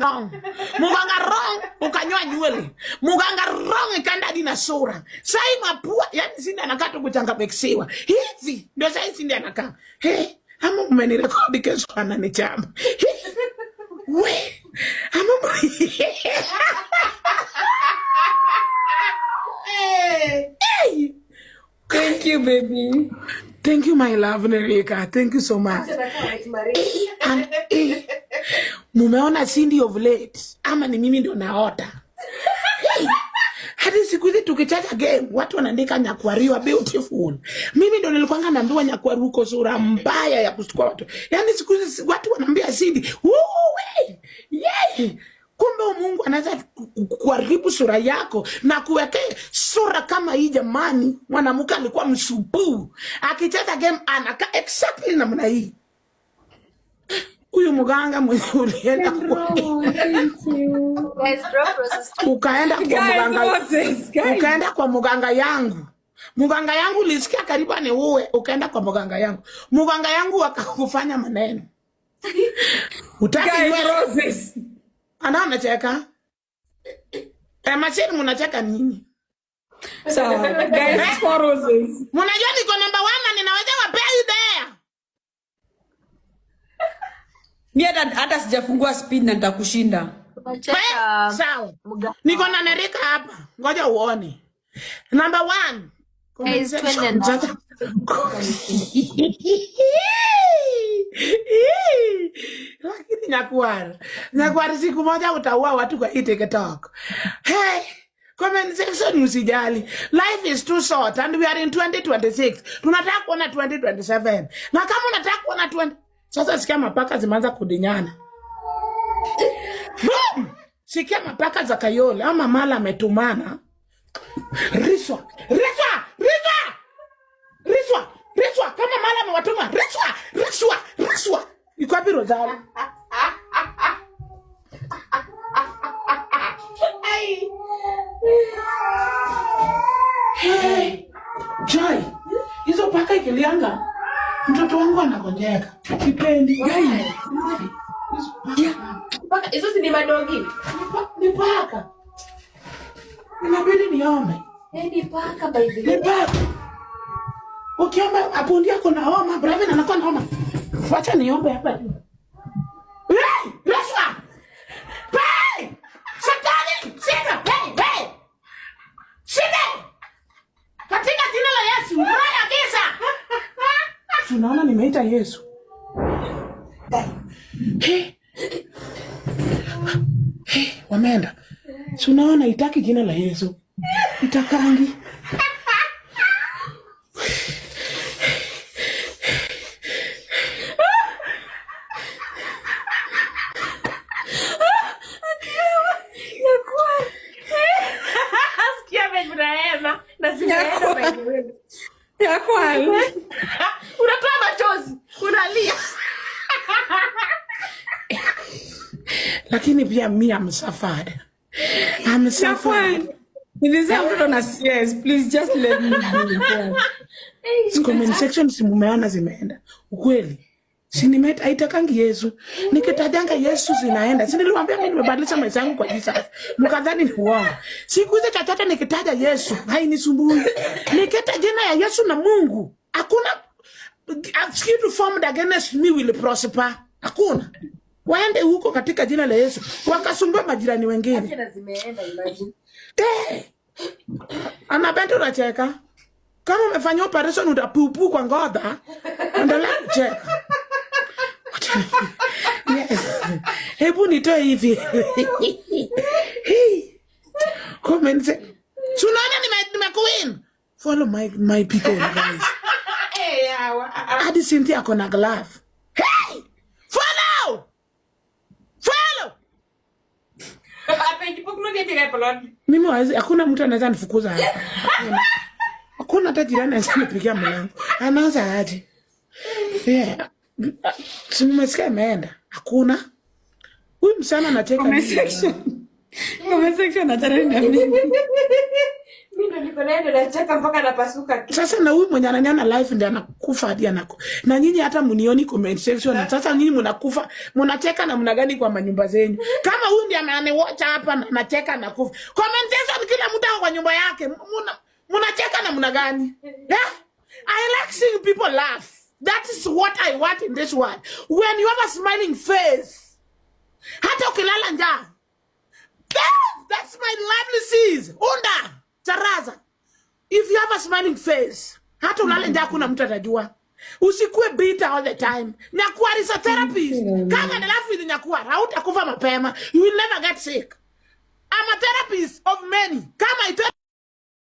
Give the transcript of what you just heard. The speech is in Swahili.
muganga ong muganga rong ukanywa nywele muganga rong ikaenda hadi sura sai mapua yani sindi anakaa tu hivi ndio sai sindi anakaa hey, ama umenirekodi kesho ananichama we ama Thank you, baby. Thank you, my love, Nerika. Thank you so much. Mumeona Cindy of late ama ni mimi ndio naota? Hey, hadi siku hizi tukicheza game watu wanaandika Nyakwariwa beautiful. Mimi ndio nilikuwa naambiwa nyakwari uko sura mbaya ya kustukua watu. Yaani siku hizi watu wanaambia Cindy, "Woo!" Yeah. Kumbe Mungu anaweza kuharibu sura yako na kuwekea sura kama hii. Jamani, mwanamke alikuwa msubuu akicheza game anaka exactly namna hii huyu mganga mwenye ulienda ukaenda kwa ukaenda kwa mganga yangu mganga yangu lisikia karibu ni uwe, ukaenda kwa mganga yangu, mganga yangu akakufanya maneno utaki ana unacheka eh, e, mashini munacheka nini? So, eh? guys, for niko namba Mimi hata sijafungua speed na nitakushinda. Sawa. Niko na Nerika hapa. Ngoja uone. Number one. Lakini Nyakwar. Nyakwar, siku moja utaua watu kwa hii TikTok. Hey. Comment section usijali. Life is too short and we are in 2026. Tunataka kuona 2027. Na kama unataka kuona 20 sasa sikia mapaka zimeanza kudinyana. Ah! Sikia mapaka za Kayole ama mala ametumana. Riswa, riswa, riswa. Riswa, riswa kama mala amewatuma. Riswa, riswa, riswa. Iko wapi Rozari? Hey, Joy, hizo paka ikilianga Mtoto wangu anagonjeka. Kipendi. Gai. Yaani, paka hizo si ni madogi. Ni paka. Inabidi niombe. Eh, ni paka Ni paka. Ukiomba apundia kuna homa, brave na anakuwa na homa. Wacha niombe hapa juu. Unaona, nimeita Yesu. Hey. Hey, wameenda. Si unaona itaki jina la Yesu itakangi lakini pia mi amsafada amsafada comment section si mumeona zimeenda ukweli sinimeta aitakangi Yesu nikitajanga Yesu zinaenda siniliwambia mi nimebadilisha maisha yangu kwa Jisa mkadhani ni uongo siku hizi chochote nikitaja Yesu hainisumbui nikita jina ya Yesu na Mungu hakuna uh, kitu formed against me will prosper hakuna waende huko katika jina la Yesu, wakasumbua majirani wengine. Anapenda unacheka kama umefanya operation utapupu kwa ngoda, endelea kucheka. Hebu nitoe hivi kumense sunana nimekuwin follow my, my people guys hadi Cynthia ako na glove Mimi wazi, hakuna mtu anaweza nifukuza hapa. Hakuna hata jirani anaweza nipigia mlango. Anaanza aje? Yeah. Simesikia imeenda. Hakuna. Huyu msichana anacheka. Comment section. Comment section na tarehe na mimi. Sasa na huyu mwenye ananyana live ndiye anakufa hadi anako. Na nyinyi hata mnioni comment section. Sasa nyinyi mnakufa, mnacheka na gani kwa manyumba zenyu. Kama huyu ndiye ananiacha hapa na nacheka na kufa. Comment section kila mtu kwa nyumba yake. Mna mnacheka na gani? Yeah? I like seeing people laugh. That is what I want in this world. When you have a smiling face. Hata ukilala njaa. That's my lovely sis. Unda. Charaza, if you have a smiling face, hata ulale nje hakuna mtu atajua. Usikue bitter all the time. Nyakuar is a therapist. Mm-hmm. Kama na laugh with Nyakuar, hautakufa mapema. You will never get sick. I'm a therapist of many. Kama ito